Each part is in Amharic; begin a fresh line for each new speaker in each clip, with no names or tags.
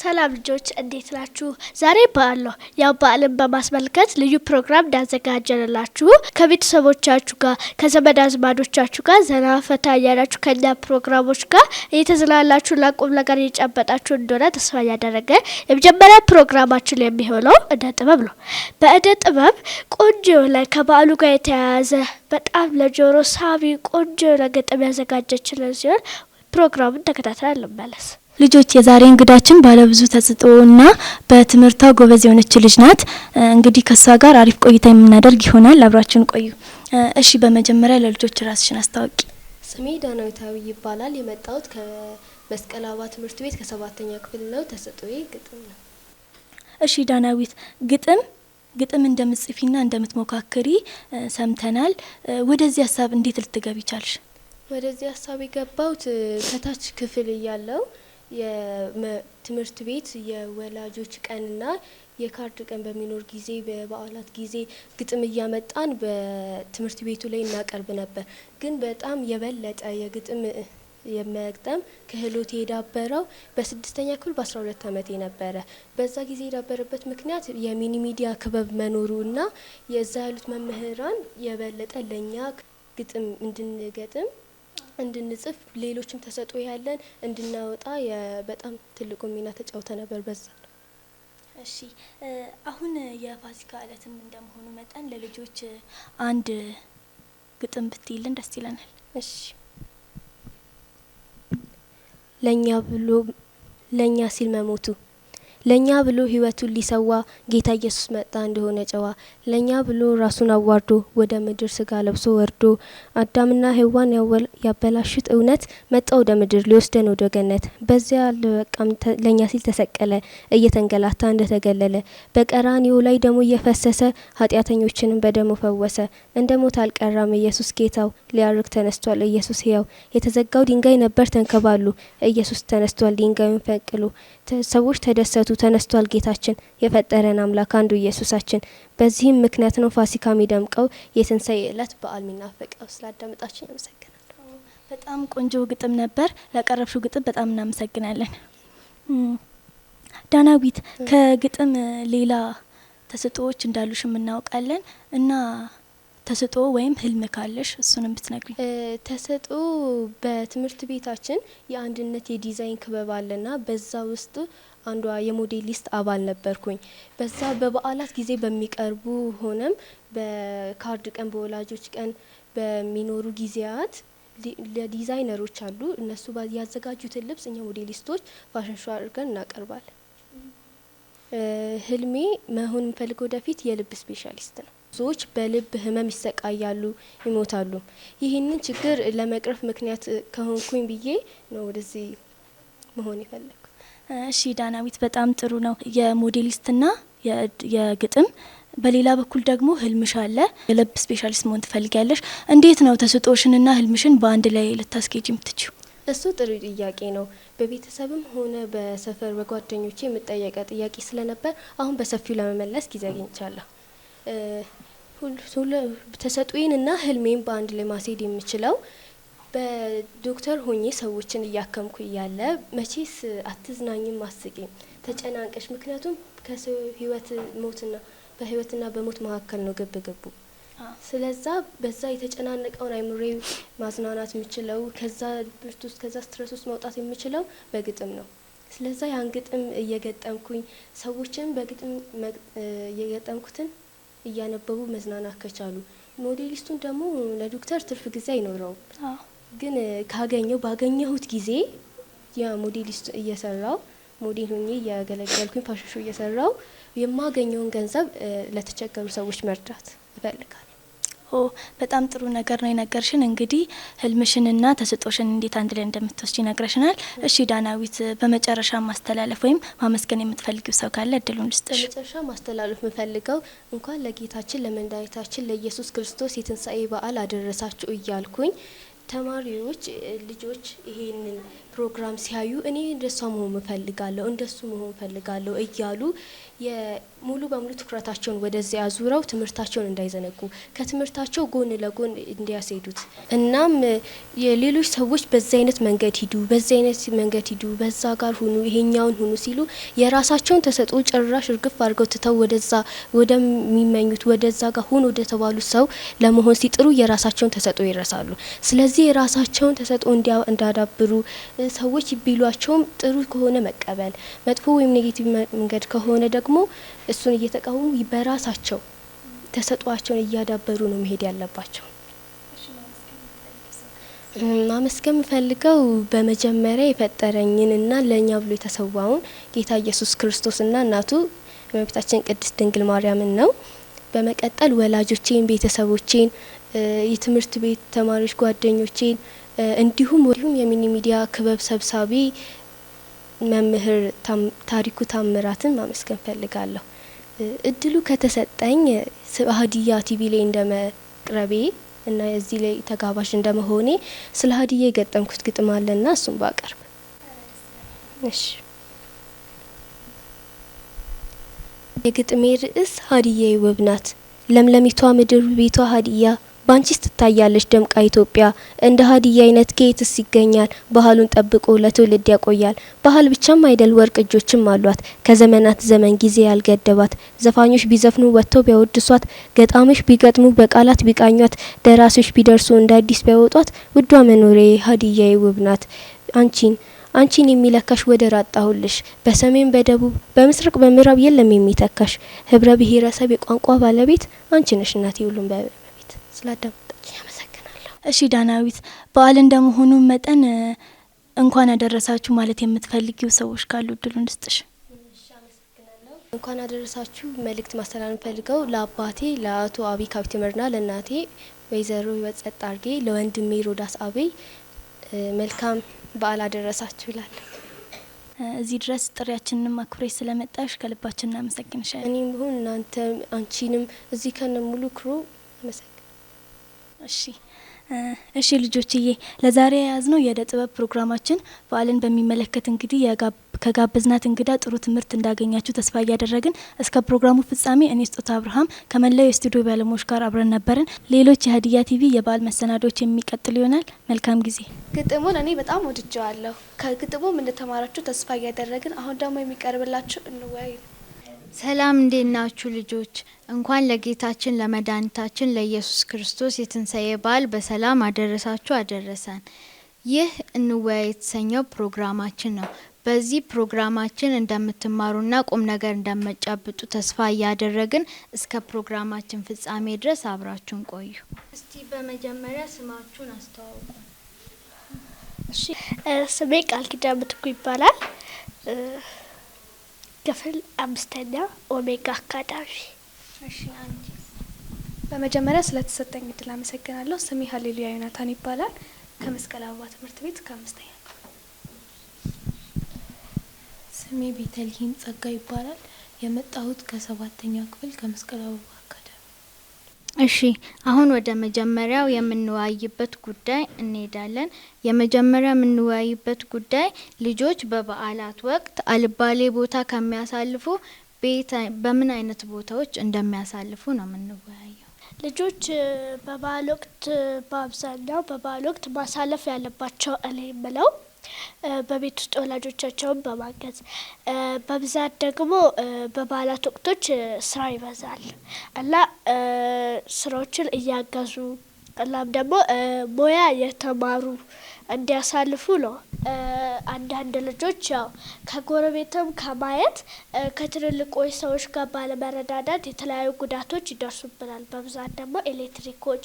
ሰላም ልጆች እንዴት ናችሁ? ዛሬ በዓል ነው። ያው በዓልን በማስመልከት ልዩ ፕሮግራም እንዳዘጋጀንላችሁ ከቤተሰቦቻችሁ ጋር ከዘመድ አዝማዶቻችሁ ጋር ዘና ፈታ እያላችሁ ከኛ ፕሮግራሞች ጋር እየተዝናላችሁ ላቁም ነገር እየጨበጣችሁ እንደሆነ ተስፋ እያደረገ የመጀመሪያ ፕሮግራማችን የሚሆነው እደ ጥበብ ነው። በእደ ጥበብ ቆንጆ የሆነ ከበዓሉ ጋር የተያያዘ በጣም ለጆሮ ሳቢ ቆንጆ የሆነ ግጥም ያዘጋጀችልን ሲሆን ፕሮግራሙን ተከታተል እንመለስ። ልጆች የዛሬ እንግዳችን ባለብዙ ተሰጥኦና በትምህርቷ ጎበዝ የሆነች ልጅ ናት። እንግዲህ ከሷ ጋር አሪፍ ቆይታ የምናደርግ ይሆናል። አብራችን ቆዩ። እሺ፣ በመጀመሪያ ለልጆች ራስሽን አስታወቂ
ስሜ ዳናዊታዊ ይባላል። የመጣሁት ከመስቀል አባ ትምህርት ቤት ከሰባተኛ ክፍል ነው። ተሰጥኦዬ ግጥም ነው።
እሺ ዳናዊት፣ ግጥም ግጥም እንደምትጽፊና እንደምትሞካክሪ ሰምተናል። ወደዚህ ሀሳብ እንዴት ልትገቢ ቻልሽ?
ወደዚህ ሀሳብ የገባሁት ከታች ክፍል እያለው ትምህርት ቤት የወላጆች ቀንና የካርድ ቀን በሚኖር ጊዜ በበዓላት ጊዜ ግጥም እያመጣን በትምህርት ቤቱ ላይ እናቀርብ ነበር። ግን በጣም የበለጠ የግጥም የመግጠም ክህሎት የዳበረው በስድስተኛ ክፍል በአስራ ሁለት አመቴ ነበረ። በዛ ጊዜ የዳበረበት ምክንያት የሚኒ ሚዲያ ክበብ መኖሩና የዛ ያሉት መምህራን የበለጠ ለእኛ ግጥም እንድንገጥም እንድንጽፍ ሌሎችም ተሰጦ ያለን እንድናወጣ በጣም ትልቁ ሚና ተጫውተ ነበር በዛ ነው።
እሺ አሁን የፋሲካ እለትም እንደመሆኑ መጠን ለልጆች አንድ ግጥም ብትይልን ደስ ይለናል።
እሺ
ለእኛ ብሎ ለእኛ ሲል መሞቱ ለእኛ ብሎ ህይወቱን ሊሰዋ ጌታ ኢየሱስ መጣ እንደሆነ ጨዋ ለእኛ ብሎ ራሱን አዋርዶ ወደ ምድር ስጋ ለብሶ ወርዶ አዳምና ሔዋን ያበላሹት እውነት መጣ ወደ ምድር ሊወስደን ወደ ገነት። በዚያ ለበቃም ለእኛ ሲል ተሰቀለ፣ እየተንገላታ እንደተገለለ በቀራኒው ላይ ደሞ እየፈሰሰ ኃጢአተኞችንም በደሞ ፈወሰ። እንደ ሞት አልቀራም ኢየሱስ ጌታው፣ ሊያርግ ተነስቷል ኢየሱስ ሕያው። የተዘጋው ድንጋይ ነበር ተንከባሉ፣ ኢየሱስ ተነስቷል ድንጋዩን ፈቅሉ ሰዎች ተደሰቱ ተነስቷል ጌታችን የፈጠረን አምላክ አንዱ ኢየሱሳችን። በዚህም ምክንያት ነው ፋሲካ የሚደምቀው የትንሳኤ ዕለት በዓል የሚናፈቀው።
ስላዳመጣችን ያመሰግናል። በጣም ቆንጆ ግጥም ነበር። ላቀረብሹ ግጥም በጣም እናመሰግናለን። ዳናዊት ከግጥም ሌላ ተስጦዎች እንዳሉሽ የምናውቃለን እና ተሰጦ ወይም ህልም ካለሽ እሱንም ብትነግሪ።
ተሰጦ በትምህርት ቤታችን የአንድነት የዲዛይን ክበብ አለና በዛ ውስጥ አንዷ የሞዴሊስት አባል ነበርኩኝ። በዛ በበዓላት ጊዜ በሚቀርቡ ሆነም በካርድ ቀን፣ በወላጆች ቀን በሚኖሩ ጊዜያት ለዲዛይነሮች አሉ እነሱ ያዘጋጁትን ልብስ እኛ ሞዴሊስቶች ፋሽን ሾ አድርገን እናቀርባለን። ህልሜ መሆን የምፈልገው ወደፊት የልብ ስፔሻሊስት ነው። ሰዎች በልብ ህመም ይሰቃያሉ፣ ይሞታሉ። ይህንን ችግር ለመቅረፍ ምክንያት ከሆንኩኝ ብዬ ነው ወደዚህ መሆን ይፈልግ
እሺ ዳናዊት በጣም ጥሩ ነው። የሞዴሊስትና የግጥም በሌላ በኩል ደግሞ ህልምሽ አለ። የልብ ስፔሻሊስት መሆን ትፈልጊያለሽ። እንዴት ነው ተስጦሽንና ህልምሽን በአንድ ላይ ልታስኬጅ የምትችው?
እሱ ጥሩ ጥያቄ ነው። በቤተሰብም ሆነ በሰፈር በጓደኞቼ የምጠየቀ ጥያቄ ስለነበር አሁን በሰፊው ለመመለስ ጊዜ አግኝቻለሁ። ተሰጥኦዬንና ህልሜን በአንድ ላይ ማስሄድ የምችለው በዶክተር ሆኜ ሰዎችን እያከምኩ እያለ መቼስ አትዝናኝም፣ አስቂም ተጨናንቀሽ። ምክንያቱም ከሰው ህይወት ሞትና በህይወትና በሞት መካከል ነው ግብ ግቡ። ስለዛ በዛ የተጨናነቀውን አይምሬ ማዝናናት የምችለው ከዛ ብርት ውስጥ ከዛ ስትረስ ውስጥ መውጣት የምችለው በግጥም ነው። ስለዛ ያን ግጥም እየገጠምኩኝ ሰዎችን በግጥም እየገጠምኩትን እያነበቡ መዝናናት ከቻሉ ሞዴሊስቱን ደግሞ ለዶክተር ትርፍ ጊዜ አይኖረውም። ግን ካገኘው ባገኘሁት ጊዜ ያ የሞዴሊስት እየሰራው ሞዴል ሆኜ እያገለገልኩኝ ፋሽሾ እየሰራው የማገኘውን ገንዘብ ለተቸገሩ ሰዎች መርዳት ይፈልጋል።
ኦ በጣም ጥሩ ነገር ነው የነገርሽን። እንግዲህ ህልምሽንና ተሰጦሽን እንዴት አንድ ላይ እንደምትወስድ ይነግረሽናል። እሺ ዳናዊት፣ በመጨረሻ ማስተላለፍ ወይም ማመስገን የምትፈልጊው ሰው ካለ እድሉን ልስጥሽ።
በመጨረሻ ማስተላለፍ የምፈልገው እንኳን ለጌታችን ለመድኃኒታችን ለኢየሱስ ክርስቶስ የትንሣኤ በዓል አደረሳችሁ እያልኩኝ ተማሪዎች ልጆች ይሄንን ፕሮግራም ሲያዩ እኔ እንደሷ መሆን እፈልጋለሁ እንደሱ መሆን እፈልጋለሁ እያሉ ሙሉ በሙሉ ትኩረታቸውን ወደዚያ ዙረው ትምህርታቸውን እንዳይዘነጉ ከትምህርታቸው ጎን ለጎን እንዲያስሄዱት እናም የሌሎች ሰዎች በዚህ አይነት መንገድ ሂዱ፣ በዚህ አይነት መንገድ ሂዱ፣ በዛ ጋር ሁኑ፣ ይሄኛውን ሁኑ ሲሉ የራሳቸውን ተሰጥኦ ጭራሽ እርግፍ አድርገው ትተው ወደዛ ወደሚመኙት ወደዛ ጋር ሁኑ ወደተባሉት ሰው ለመሆን ሲጥሩ የራሳቸውን ተሰጥኦ ይረሳሉ። ስለዚህ የራሳቸውን ተሰጥኦ እንዳዳብሩ። ሰዎች ቢሏቸውም ጥሩ ከሆነ መቀበል፣ መጥፎ ወይም ኔጌቲቭ መንገድ ከሆነ ደግሞ እሱን እየተቃወሙ በራሳቸው ተሰጧቸውን እያዳበሩ ነው መሄድ ያለባቸው። ማመስገን ፈልገው በመጀመሪያ የፈጠረኝንና ለእኛ ብሎ የተሰዋውን ጌታ ኢየሱስ ክርስቶስና እናቱ እመቤታችን ቅድስት ድንግል ማርያምን ነው። በመቀጠል ወላጆቼን፣ ቤተሰቦቼን፣ የትምህርት ቤት ተማሪዎች ጓደኞቼን እንዲሁም ወዲሁም የሚኒ ሚዲያ ክበብ ሰብሳቢ መምህር ታሪኩ ታምራትን ማመስገን ፈልጋለሁ። እድሉ ከተሰጠኝ ሀዲያ ቲቪ ላይ እንደመቅረቤ እና እዚህ ላይ ተጋባዥ እንደመሆኔ ስለ ሀዲያ የገጠምኩት ግጥም ና እሱም ባቀርብ።
እሺ፣
የግጥሜ ርዕስ ሀዲያ ውብ ናት፣ ለምለሚቷ ምድር ቤቷ ሀዲያ ባንቺስ ትታያለች ደምቃ ኢትዮጵያ። እንደ ሀዲያ አይነት ጌትስ ይገኛል። ባህሉን ጠብቆ ለትውልድ ያቆያል። ባህል ብቻም አይደል ወርቅ እጆችም አሏት። ከዘመናት ዘመን ጊዜ ያልገደባት ዘፋኞች ቢዘፍኑ ወጥተው ቢያወድሷት፣ ገጣሚዎች ቢገጥሙ በቃላት ቢቃኟት፣ ደራሲዎች ቢደርሱ እንደ አዲስ ቢያወጧት፣ ውዷ መኖሬ ሀዲያዬ ውብ ናት አንቺን አንቺን የሚለካሽ ወደር አጣሁልሽ። በሰሜን በደቡብ በምስራቅ በምዕራብ የለም የሚተካሽ። ህብረ ብሔረሰብ የቋንቋ ባለቤት አንቺ ነሽ እናቴ ሁሉም ስላዳመጣችሁ ያመሰግናለሁ።
እሺ ዳናዊት፣ በዓል እንደመሆኑ መጠን እንኳን ያደረሳችሁ ማለት የምትፈልጊው ሰዎች ካሉ እድሉን ስጥሽ።
እንኳን አደረሳችሁ መልእክት ማስተላለፍ ፈልገው ለአባቴ ለአቶ አብይ ካብቴ መርና ለእናቴ ወይዘሮ ወጸጥ አርጌ ለወንድሜ ሮዳስ አብይ መልካም በዓል አደረሳችሁ ይላል።
እዚህ ድረስ ጥሪያችንንም አክብረሽ ስለመጣሽ ከልባችን እናመሰግንሻለን።
እኔም ሁን እናንተ አንቺንም እዚህ ከነ ሙሉ ክሩ አመሰግ
እሺ እሺ ልጆችዬ ለዛሬ የያዝነው የእደ ጥበብ ፕሮግራማችን በዓልን በሚመለከት እንግዲህ ከጋበዝናት እንግዳ ጥሩ ትምህርት እንዳገኛችሁ ተስፋ እያደረግን እስከ ፕሮግራሙ ፍጻሜ እኔ ስጦታ አብርሃም ከመላው የስቱዲዮ ባለሙያዎች ጋር አብረን ነበርን። ሌሎች የሀዲያ ቲቪ የበዓል መሰናዶዎች የሚቀጥሉ ይሆናል። መልካም ጊዜ።
ግጥሙን እኔ በጣም ወድጀዋለሁ። ከግጥሙ እንደተማራችሁ ተስፋ እያደረግን አሁን ደግሞ የሚቀርብላችሁ እንወያይ
ሰላም እንዴት ናችሁ ልጆች? እንኳን ለጌታችን ለመድኃኒታችን ለኢየሱስ ክርስቶስ የትንሣኤ በዓል በሰላም አደረሳችሁ አደረሰን። ይህ እንወያይ የተሰኘው ፕሮግራማችን ነው። በዚህ ፕሮግራማችን እንደምትማሩና ቁም ነገር እንደመጫብጡ ተስፋ እያደረግን እስከ ፕሮግራማችን ፍጻሜ ድረስ አብራችሁን ቆዩ።
እስቲ በመጀመሪያ ስማችሁን አስተዋውቁ። እሺ፣ ስሜ ቃል ኪዳን ምትኩ ይባላል። ክፍል አምስተኛ ኦሜጋ አካዳሚ። በመጀመሪያ ስለተሰጠኝ እድል አመሰግናለሁ። ስሜ ሀሌሉያ ዮናታን ይባላል። ከመስቀል አበባ ትምህርት ቤት ከአምስተኛ ስሜ ቤተልሄም ጸጋ ይባላል። የመጣሁት ከሰባተኛ ክፍል ከመስቀል አበባ እሺ አሁን ወደ መጀመሪያው የምንወያይበት ጉዳይ እንሄዳለን። የመጀመሪያው የምንወያይበት ጉዳይ ልጆች በበዓላት ወቅት አልባሌ ቦታ ከሚያሳልፉ በምን አይነት ቦታዎች እንደሚያሳልፉ ነው የምንወያየው። ልጆች በበዓል ወቅት በአብዛኛው በበዓል ወቅት ማሳለፍ ያለባቸው እኔ ብለው በቤት ውስጥ ወላጆቻቸውን በማገዝ በብዛት ደግሞ በበዓላት ወቅቶች ስራ ይበዛል እና ስራዎችን እያገዙ እናም ደግሞ ሙያ የተማሩ እንዲያሳልፉ ነው። አንዳንድ ልጆች ያው ከጎረቤትም ከማየት ከትልልቆች ሰዎች ጋር ባለመረዳዳት የተለያዩ ጉዳቶች ይደርሱብናል። በብዛት ደግሞ ኤሌክትሪኮች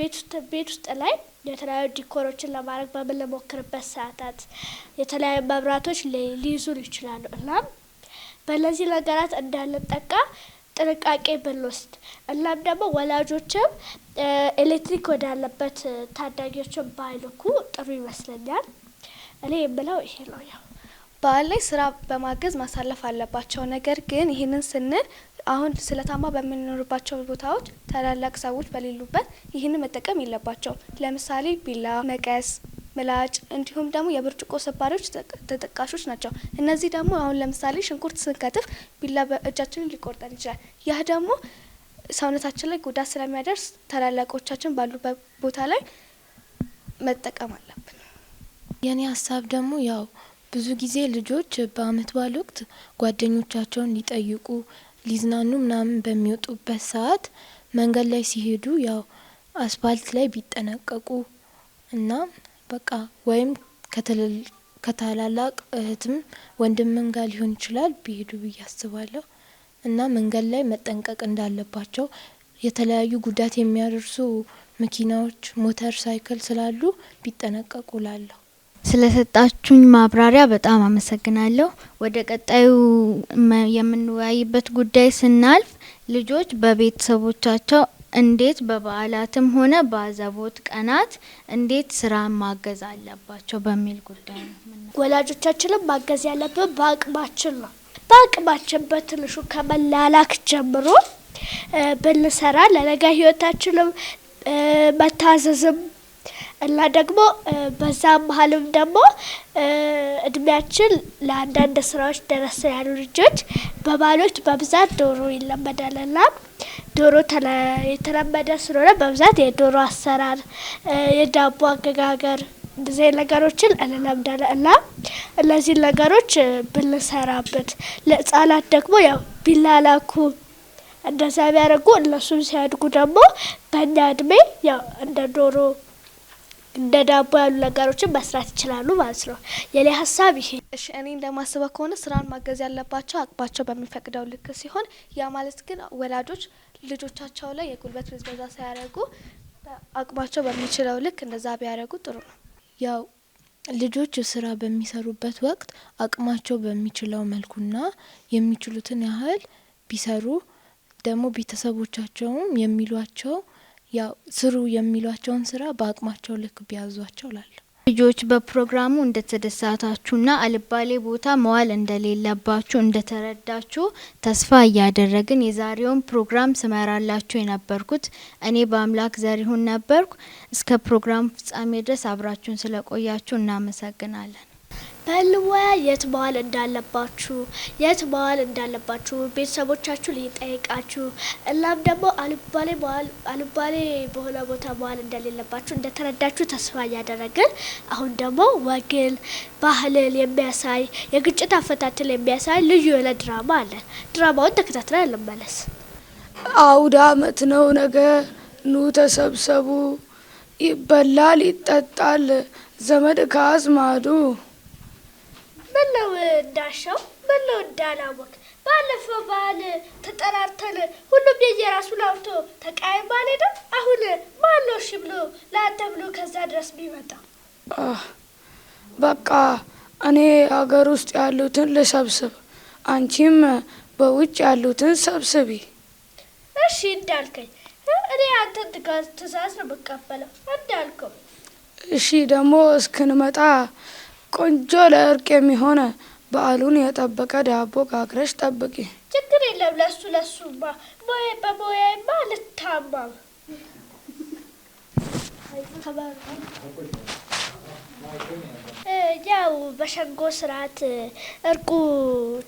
ቤት ውስጥ ላይ የተለያዩ ዲኮሮችን ለማድረግ በምንሞክርበት ሰዓታት የተለያዩ መብራቶች ሊይዙን ይችላሉ። እናም በእነዚህ ነገራት እንዳንጠቃ ጥንቃቄ ብንወስድ እናም ደግሞ ወላጆችም ኤሌክትሪክ ወዳለበት ታዳጊዎችን ባይልኩ ጥሩ ይመስለኛል። እኔ የምለው ይሄ ነው። ያው በዓል ላይ ስራ በማገዝ ማሳለፍ አለባቸው። ነገር ግን ይህንን ስንል አሁን ስለታማ በምንኖርባቸው ቦታዎች ታላላቅ ሰዎች በሌሉበት ይህንን መጠቀም የለባቸው ለምሳሌ ቢላ፣ መቀስ ምላጭ እንዲሁም ደግሞ የብርጭቆ ስባሪዎች ተጠቃሾች ናቸው። እነዚህ ደግሞ አሁን ለምሳሌ ሽንኩርት ስንከትፍ ቢላ በእጃችን ሊቆርጠን ይችላል። ይህ ደግሞ ሰውነታችን ላይ ጉዳት ስለሚያደርስ ታላላቆቻችን ባሉበት ቦታ ላይ መጠቀም አለብን። የኔ ሀሳብ ደግሞ ያው ብዙ ጊዜ ልጆች በአመት በዓል ወቅት ጓደኞቻቸውን ሊጠይቁ ሊዝናኑ ምናምን በሚወጡበት ሰዓት መንገድ ላይ ሲሄዱ ያው አስፋልት ላይ ቢጠነቀቁ እና በቃ ወይም ከታላላቅ እህትም ወንድምም ጋር ሊሆን ይችላል ቢሄዱ ብዬ አስባለሁ እና መንገድ ላይ መጠንቀቅ እንዳለባቸው የተለያዩ ጉዳት የሚያደርሱ መኪናዎች፣ ሞተር ሳይክል ስላሉ ቢጠነቀቁ ላለሁ። ስለሰጣችሁኝ ማብራሪያ በጣም አመሰግናለሁ። ወደ ቀጣዩ የምንወያይበት ጉዳይ ስናልፍ ልጆች በቤተሰቦቻቸው እንዴት በበዓላትም ሆነ በአዘቦት ቀናት እንዴት ስራ ማገዝ አለባቸው በሚል ጉዳይ ነው። ወላጆቻችንም ማገዝ ያለብን በአቅማችን ነው። በአቅማችን በትንሹ ከመላላክ ጀምሮ ብንሰራ ለነገ ህይወታችንም መታዘዝም እና ደግሞ በዛ መሀልም ደግሞ እድሜያችን ለአንዳንድ ስራዎች ደረሰ ያሉ ልጆች በባሎች በብዛት ዶሮ ይለመዳልና ዶሮ የተለመደ ስለሆነ በብዛት የዶሮ አሰራር፣ የዳቦ አገጋገር እንደዚህ ነገሮችን እንለምዳለ እና እነዚህ ነገሮች ብንሰራበት ለህጻናት ደግሞ ያው ቢላላኩ እንደዛ ቢያደርጉ እነሱም ሲያድጉ ደግሞ በእኛ እድሜ ያው እንደ ዶሮ እንደ ዳቦ ያሉ ነገሮችን መስራት ይችላሉ ማለት ነው። የኔ ሀሳብ ይሄ። እሺ እኔ እንደማስበው ከሆነ ስራን ማገዝ ያለባቸው አቅባቸው በሚፈቅደው ልክ ሲሆን፣ ያ ማለት ግን ወላጆች ልጆቻቸው ላይ የጉልበት ብዝበዛ ሳያደርጉ አቅባቸው በሚችለው ልክ እንደዛ ቢያደርጉ ጥሩ ነው። ያው ልጆች ስራ በሚሰሩበት ወቅት አቅማቸው በሚችለው መልኩና የሚችሉትን ያህል ቢሰሩ ደግሞ ቤተሰቦቻቸውም የሚሏቸው ያው ስሩ የሚሏቸውን ስራ በአቅማቸው ልክ ቢያዟቸው ላለሁ ልጆች በፕሮግራሙ እንደተደሳታችሁና አልባሌ ቦታ መዋል እንደሌለባችሁ እንደተረዳችሁ ተስፋ እያደረግን የዛሬውን ፕሮግራም ስመራላችሁ የነበርኩት እኔ በአምላክ ዘሪሁን ነበርኩ። እስከ ፕሮግራሙ ፍጻሜ ድረስ አብራችሁን ስለቆያችሁ እናመሰግናለን። የት መዋል እንዳለባችሁ የት መዋል እንዳለባችሁ ቤተሰቦቻችሁ ሊጠይቃችሁ እናም ደግሞ አልባሌ አልባሌ በሆነ ቦታ መዋል እንደሌለባችሁ እንደተረዳችሁ ተስፋ እያደረግን አሁን ደግሞ ወግን ባህልን የሚያሳይ የግጭት አፈታትን የሚያሳይ ልዩ የሆነ ድራማ አለ። ድራማውን ተከታትለን እንመለስ።
አውደ አመት ነው። ነገ ኑ ተሰብሰቡ። ይበላል፣ ይጠጣል ዘመድ ከአዝማዱ
በለው እንዳሻው በለው እንዳላወቅ ባለፈው በዓል ተጠራርተን ሁሉም የየራሱ ላውቶ ተቃይም ባልሄደ አሁን ማነው እሺ ብሎ ለአንተ ብሎ ከዛ ድረስ ቢመጣ
በቃ እኔ ሀገር ውስጥ ያሉትን ልሰብስብ፣ አንቺም በውጭ ያሉትን ሰብስቢ።
እሺ እንዳልከኝ እኔ አንተ ትእዛዝ ነው የምቀበለው እንዳልከው።
እሺ ደግሞ እስክንመጣ ቆንጆ ለእርቅ የሚሆነ በዓሉን የጠበቀ ዳቦ ጋግረሽ ጠብቂ።
ችግር የለም። ለሱ ለሱማ በሞያማ ልታማ ያው በሸንጎ ስርዓት እርቁ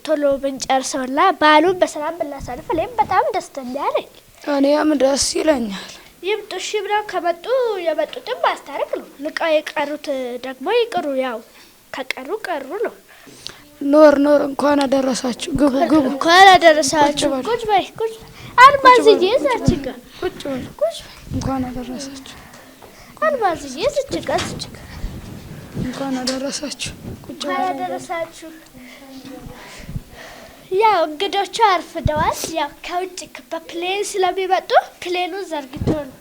ቶሎ ብንጨርሰውና በዓሉን በሰላም ብናሳልፍ እኔም በጣም ደስተኛ ነኝ።
እኔም ደስ ይለኛል።
ይምጡ ሺህ ብለው ከመጡ የመጡትን ማስታረቅ ነው። ንቃ የቀሩት ደግሞ ይቅሩ ያው ከቀሩ ቀሩ ነው።
ኖር ኖር እንኳን አደረሳችሁ። ግቡ ግቡ
እንኳን አደረሳችሁ። ቁጭ በይ ቁጭ አልማዝዬ እዛች ጋር
ቁጭ በይ ቁጭ በይ እንኳን አደረሳችሁ።
አልማዝዬ እዛች ጋር እዛች ጋር
እንኳን አደረሳችሁ።
ቁጭ በይ አደረሳችሁ። ያው እንግዶቹ አርፍደዋል። ያው ከውጭ በፕሌን ስለሚመጡ ፕሌኑ ዘርግቶ ነው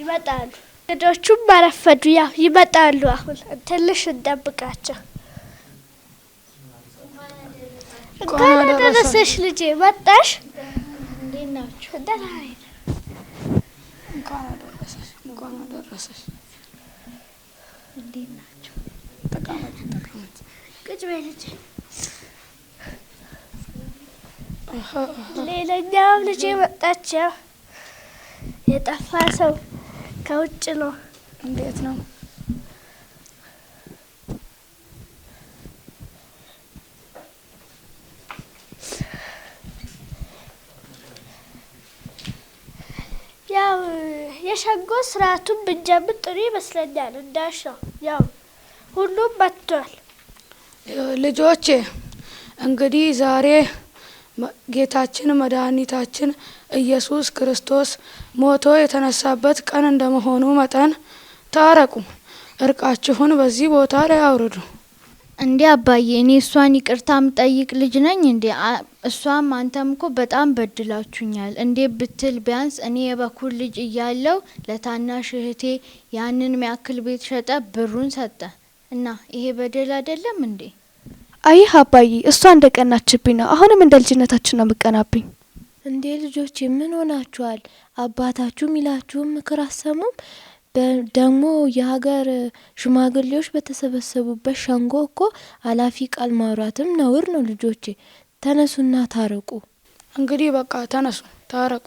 ይመጣሉ። ልጆቹም አረፈዱ። ያው ይመጣሉ። አሁን ትንሽ እንጠብቃቸው። እንኳን አደረሰሽ ልጄ፣ መጣሽ። ሌላኛውም ልጄ መጣች። ያው የጠፋ ሰው ከውጭ ነው። እንዴት ነው? ያው የሸጎ ስርዓቱን ብንጀምር ጥሩ ይመስለኛል። እንዳሽ ነው ያው ሁሉም መጥቷል።
ልጆቼ እንግዲህ ዛሬ ጌታችን መድኃኒታችን ኢየሱስ ክርስቶስ ሞቶ የተነሳበት ቀን እንደመሆኑ መጠን ታረቁ፣ እርቃችሁን በዚህ ቦታ ላይ አውርዱ።
እንዴ አባዬ፣ እኔ እሷን ይቅርታ ምጠይቅ ልጅ ነኝ እንዴ? እሷም አንተም እኮ በጣም በድላችሁኛል እንዴ ብትል ቢያንስ እኔ የበኩር ልጅ እያለው ለታናሽ እህቴ ያንን ሚያክል ቤት ሸጠ ብሩን ሰጠ እና ይሄ በደል አይደለም እንዴ? አይህ አባዬ፣ እሷ እንደ ቀናችብኝ ነው። አሁንም እንደ ልጅነታችን ነው የምቀናብኝ። እንዴ ልጆች ምን ሆናችኋል? አባታችሁ ሚላችሁም ምክር አሰሙም። ደግሞ የሀገር ሽማግሌዎች በተሰበሰቡበት ሸንጎ እኮ አላፊ ቃል ማውራትም ነውር ነው። ልጆቼ ተነሱና ታረቁ። እንግዲህ በቃ ተነሱ ታረቁ።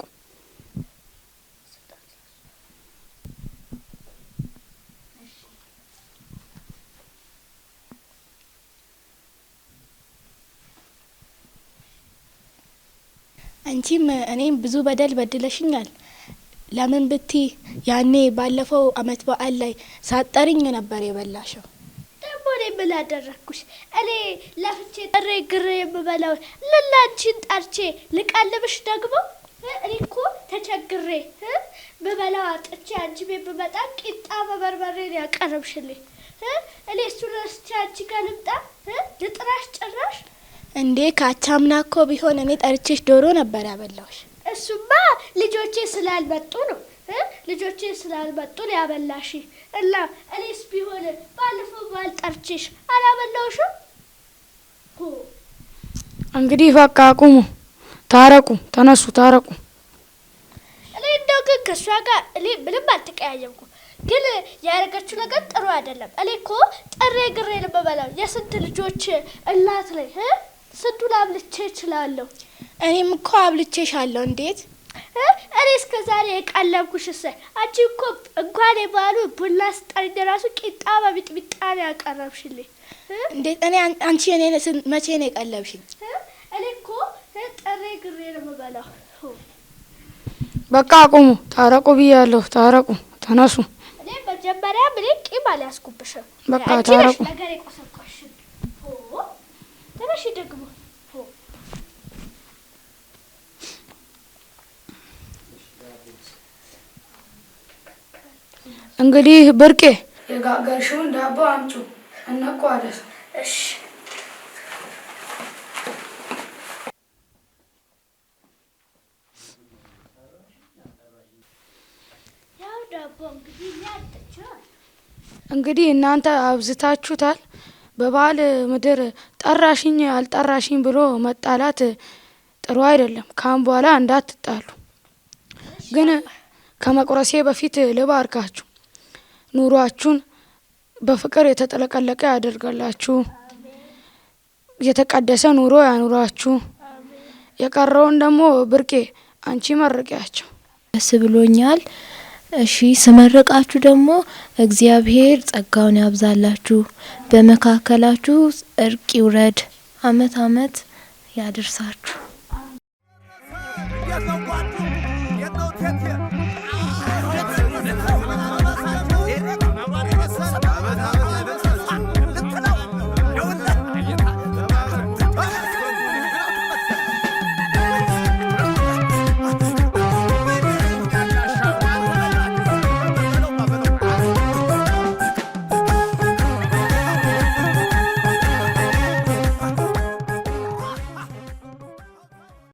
አንቺም እኔም ብዙ በደል በድለሽኛል። ለምን ብቲ ያኔ ባለፈው አመት በዓል ላይ ሳጠርኝ ነበር የበላሸው። ደግሞ እኔ ምን አደረግኩሽ? እኔ ለፍቼ ጥሬ ግሬ የምበላው ለላንቺን ጠርቼ ልቀልብሽ ደግሞ እኔ እኮ ተቸግሬ ብበላው አጥቼ አንቺ ቤት ብመጣ ቂጣ በበርበሬ ነው ያቀረብሽልኝ። እኔ እሱን ረስቼ አንቺ ጋር ልምጣ ልጥራሽ ጭራሽ እንዴ ካቻምና እኮ ቢሆን እኔ ጠርቼሽ ዶሮ ነበር ያበላሁሽ። እሱማ ልጆቼ ስላልመጡ ነው ልጆቼ ስላልመጡ ነው ያበላሽ እና እኔስ ቢሆን ባለፈው በዓል ጠርቼሽ እንግዲህ በቃ አቁሙ፣ ታረቁ፣ ተነሱ፣ ታረቁ። እኔ እንደው ግን ከእሷ ጋር እኔ ምንም አልተቀያየምኩ፣ ግን ያደረገችው ነገር ጥሩ አይደለም። እኔ እኮ ጥሬ ግሬ ልበበላው የስንት ልጆች እናት ላይ ስዱል አብልቼ እችላለሁ። እኔም እኮ አብልቼሻለሁ። እንዴት እኔ እስከ ዛሬ የቀለብኩሽ? ሰ አንቺ እኮ እንኳን የባሉ ቡና ስጠኝ ራሱ ቂጣ በሚጥሚጣ ነው ያቀረብሽልኝ። እንዴት እኔ አንቺ እኔ መቼ ነው የቀለብሽኝ? እኔ እኮ ጥሬ ግሬ ነው የምበላው። በቃ አቁሙ፣ ታረቁ ብያለሁ። ታረቁ፣ ተነሱ። እኔ መጀመሪያ ምን ቂም አልያዝኩብሽም። በቃ ታረቁ። ጭራሽ ይደግማል። እንግዲህ ብርቄ የጋገርሽውን ዳቦ አምጩ እነኮ አለ። እሺ እንግዲህ እናንተ አብዝታችሁታል። በባል ምድር ጠራሽኝ አልጠራሽኝ ብሎ መጣላት ጥሩ አይደለም። ካሁን በኋላ እንዳትጣሉ። ግን ከመቁረሴ በፊት ልባርካችሁ፣ ኑሯችሁን በፍቅር የተጠለቀለቀ ያደርጋላችሁ፣ የተቀደሰ ኑሮ ያኑራችሁ። የቀረውን ደግሞ ብርቄ አንቺ መርቂያቸው። ደስ ብሎኛል። እሺ ስመረቃችሁ ደግሞ እግዚአብሔር ጸጋውን ያብዛላችሁ፣ በመካከላችሁ እርቅ ይውረድ፣ አመት አመት ያደርሳችሁ።